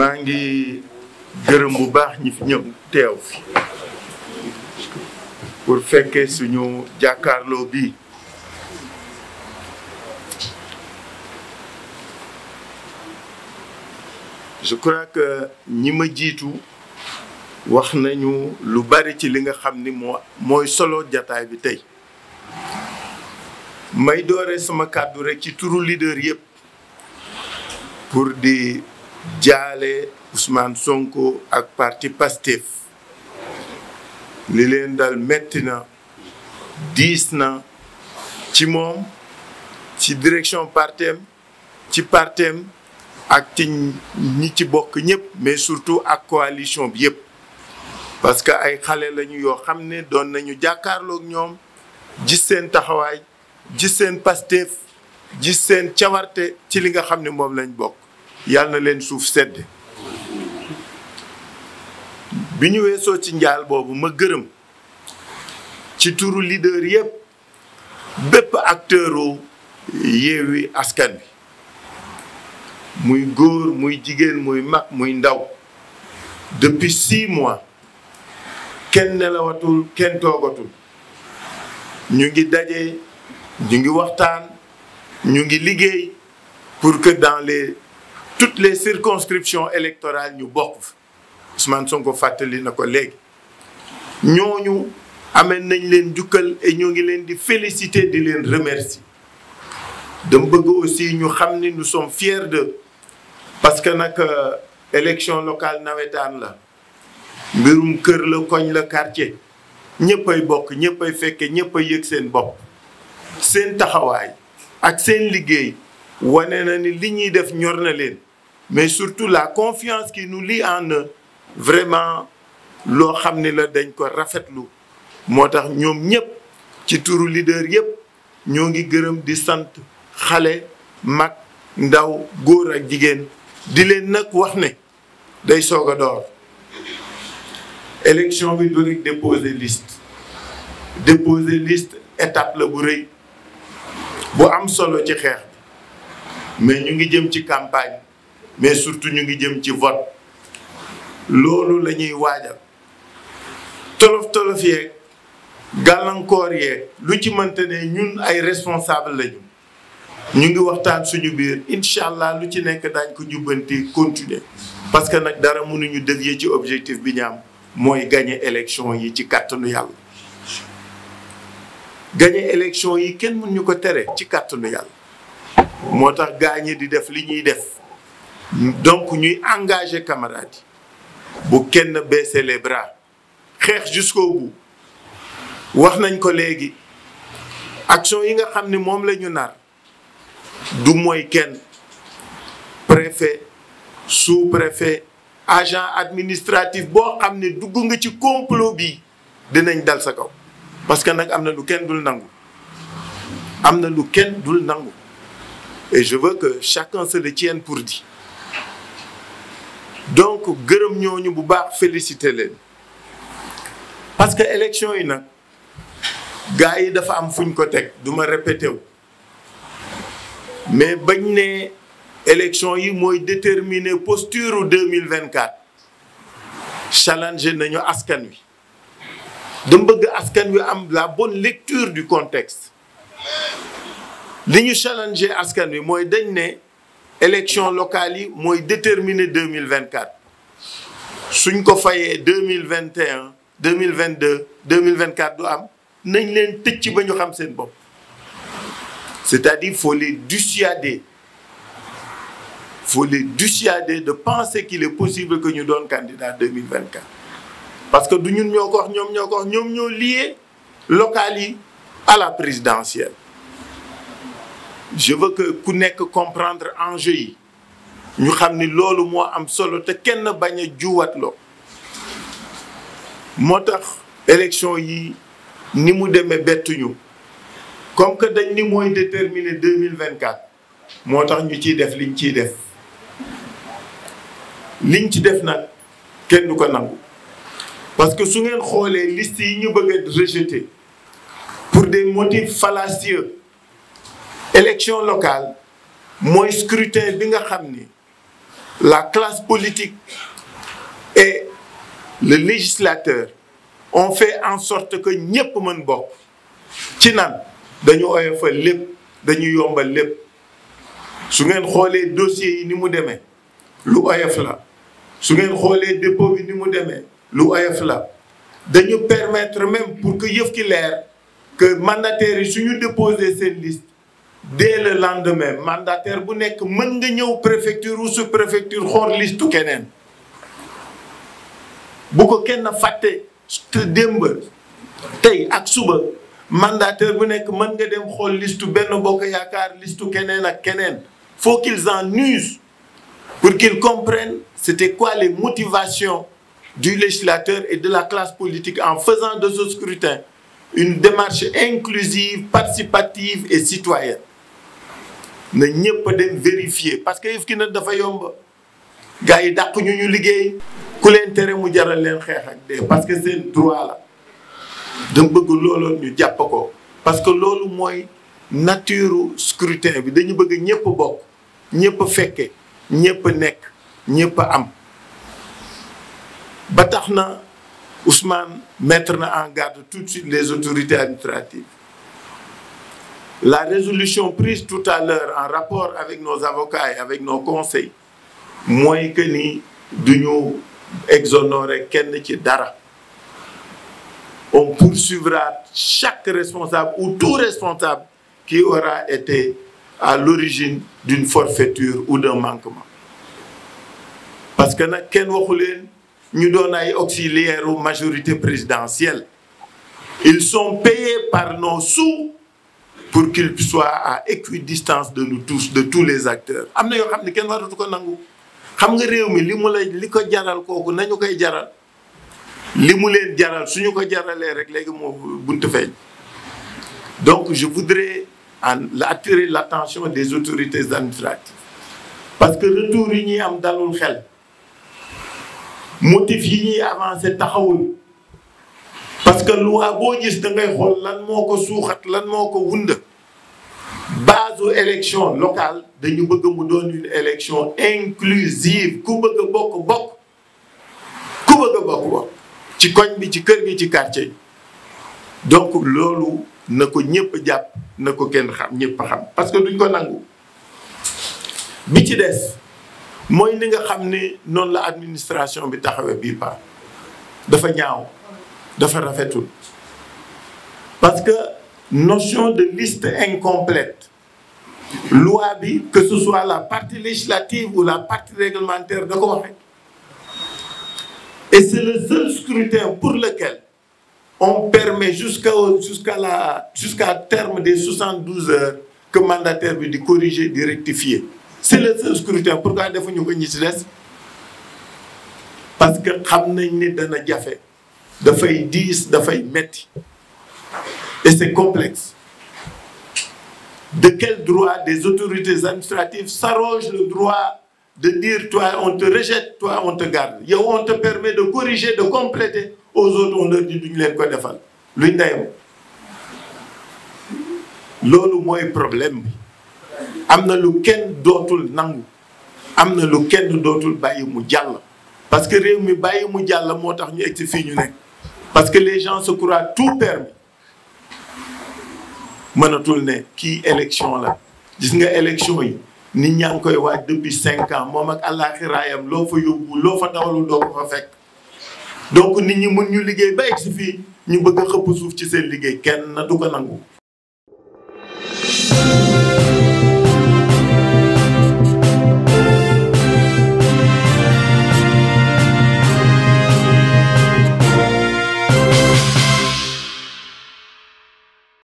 maa ngi gërëm bu baax ñi fi ñëw teew fi pour fekkee suñu jàkkaarloo bi je crois que ñi ma jiitu wax nañu lu bari ci li nga xam ni mooy solo jataay bi tey may doore sama kàddu rek ci turu leader yépp pour di jaale Ousmane Sonko ak parti Pastef li leen dal metti na diis na ci moom ci direction partem ci partem ak ci ñi ci bokk ñëpp mais surtout ak coalition bi yëpp parce que ay xale lañu yoo xam ne doon nañu jàkkaarloog ñoom ji seen taxawaay ji seen Pastef gis seen cawarte ci li nga xam ne moom lañ bokk yàlla na leen suuf sedd bi ñu weesoo ci njaal boobu ma gërëm ci turu leader yépp bépp acteuru Yewwi Askan Wi muy góor muy jigéen muy mag muy ndaw depuis six mois kenn nelawatul kenn toogatul ñu ngi daje ñu ngi waxtaan ñu ngi liggéey pour que dans les toutes les circonscriptions électorales ñu bokk fa fàttali na ko léegi ñooñu amee nañ leen jukkal et ngi leen di féliciter di leen remercier dama bëgg aussi ñu xam ni nous sommes fiers de parce que nag euh, élection locale nawetaan la mbirum kër la koñ la quartier ñëpp ay bokk ñëpp ay fekke ñëpp ay yëg seen bopp seen taxawaay ak seen liggéey wane na ni li ñuy def ñor na leen mais surtout la confiance qui nu lie en vraiment loo xam ni la dañ ko rafetlu moo tax ñoom ñëpp ci turu leader yëpp ñoo ngi gërëm di sant xale mag ndaw góor ak jigéen di leen nag wax ne day soog a door élection bi du rek déposer liste déposer liste étape la bu rëy bu am solo ci xeex bi mais ñu ngi jëm ci campagne mais surtout ñu ngi jëm ci vote loolu la ñuy waajal tolof tolof yeeg gàllankoor yee lu ci mënte ne ñun ay responsable lañu ñu ngi waxtaan suñu biir incha allah lu ci nekk daañ ko jubbanti continuer parce que nag dara mënuñu dévier ci objectif bi ñu mooy gagner élection yi ci kàttanu yàlla gagner élection yi kenn mënuñu ko tere ci kàttanu yàlla moo tax gaañe di def li ñuy def donc ñuy engagé camarades bu kenn baisser les bras xeex jusqu'au bout wax nañ ko léegi action yi nga xam ni moom la ñu nar du moy kenn préfet sous-préfet agent administratif boo xam ne dugg nga ci complot bi dinañ dal sa kaw parce que nag am na lu kenn dul nangu am na lu kenn dul nangu et je veux que chacun se ci yenn pour di donc gërëm ñooñu bu baax félicité leen parce que élection yi nag gars yi dafa am fu fuñ ko teg du ma répété wu mais bañ ne élection yi mooy déterminer posture 2024 challengé nañu askan wi dama bëgg askan wi am la bonne lecture du contexte li ñu challengé askan wi mooy dañ ne élection locale yi mooy déterminer deux mille vingt quatre suñ ko fayee deux mille vingt et un deux mille vingt deux deux mille vingt quatre du am nañ leen tëcc ba ñu xam seen bopp c'est-à-dire faut les dissuader faut les dissuader de penser qu'il est possible que ñu doon candidat deux mille vingt quatre parce que du ñun ñoo ko wax ñoom ñoo ko wax ñoom ñoo lié local yi à la présidentielle. je veux que ku nekk comprendre enjeu yi ñu xam ni loolu moo am solo te kenn bañ a juwatloo moo tax élection yi ni mu demee bettuñu comme que dañ ni mooy déterminer deux mille vingt quatre moo tax ñu ciy def liñ ciy def liñ ci def nag kenn du ko nangu parce que su ngeen xoolee liste yi ñu bëgg a pour des motifs fallacieux élection locale mooy scrutin bi nga xam ni la classe politique et le législateur on fait en sorte que ñépp mën bokk ci nan dañu oyofal lépp dañu yombal lépp su ngeen xoolee dossiers yi ni mu demee lu oyof la su ngeen xoolee dépôt bi ni mu demee lu oyof la dañu permettre même pour que yëf ki leer que mandataires yi suñu déposé seen liste dès le lendemain mandataire bu nekk mën nga ñëw préfecture ou sous-préfecture xool listu keneen bu ko kenn fàtte te démb tey ak suba mandataire bu nekk mën nga dem xool listu benn bokk yaakaar listu keneen ak keneen faut qu'ils en usent pour qu'ils comprennent c'était quoi les motivations du législateur et de la classe politique en faisant de ce scrutin une démarche inclusive, participative et citoyenne. na ñëpp a dem vérifier parce que yëf ki nag dafa yomb gars yi dàq ñu ñu liggéey ku leen tere mu jaral leen xeex ak dee parce que seen droit la dama bëgg looloo ñu jàpp ko parce que loolu mooy nature scrutin bi dañu bëgg ñëpp bokk ñëpp fekke ñëpp nekk ñëpp am ba tax na Ousmane mettre na en garde tout de les autorités administratives La résolution prise tout à l'heure en rapport avec nos avocats et avec nos conseils mooy que ni duñu exonérer kenn ci dara on poursuivra chaque responsable ou tout responsable qui aura été à l'origine d'une forfaiture ou d'un manquement parce que nag kenn waxu leen ñu doon ay auxiliaire majorité ils sont payés par nos sous pour qu'il soit à équidistance de nous tous de tous les acteurs am na yoo xam ne kenn waratu ko nangu xam nga réew mi li mu lay li ko jaral kooku nañu koy jaral li mu leen jaral suñu ko jaralee rek léegi moo bunt feeñ donc je voudrais en attirer l'attention des autorités administratives parce que retour yi ñuy am dalul xel motif yi ñuy avancer taxawul parce que loi boo gis da ngay lan moo ko suuxat lan moo ko wund base élection locale dañu bëgg mu doon une élection inclusive ku bëgg bokk bokk ku bëgg bokk bokk ci koñ bi ci kër gi ci quartier yi donc loolu na ko ñëpp jàpp na ko kenn xam ñëpp xam parce que duñ ko nangu bi ci des mooy ni nga xam ne noonu la administration bi taxawee bii pa dafa ñaaw dafa rafetul parce que notion de liste incomplète loi bi que ce soit la partie législative ou la partie réglementaire da ko waxe et c'est le seul scrutin pour lequel on permet jusqu'à la jusqu'à terme des 72 heures que mandataire bi di corriger di rectifier c'est le seul scrutin pourquoi defuñu ko ñi ci des parce que xam nañ ni dana jafe dafay diis dafay metti et c'est complexe de quel droit des autorités administratives s'arrogent le droit de dire toi on te rejette toi on te garde yow on te permet de corriger de compléter aux autres on leur leen ko defal luñ ndeyam loolu mooy problème bi am na lu kenn dootul nangu am na lu kenn dootul bàyyi mu jàll parce que réew mi bàyyi mu jàll moo tax ñu egg ci fii ñu nekk parce que les gens se croient tout permis mënatul ne kii élection la gis nga élection yi nit ñaa ngi koy waaj depuis cinq ans moom ak àllaaxiraayam loo fa yóbbu loo fa dawalul doo ko fa fekk donc nit ñi mën ñu liggéey ba egg si ñu bëgg a xëpp suuf ci seen liggéey kenn du ko nangu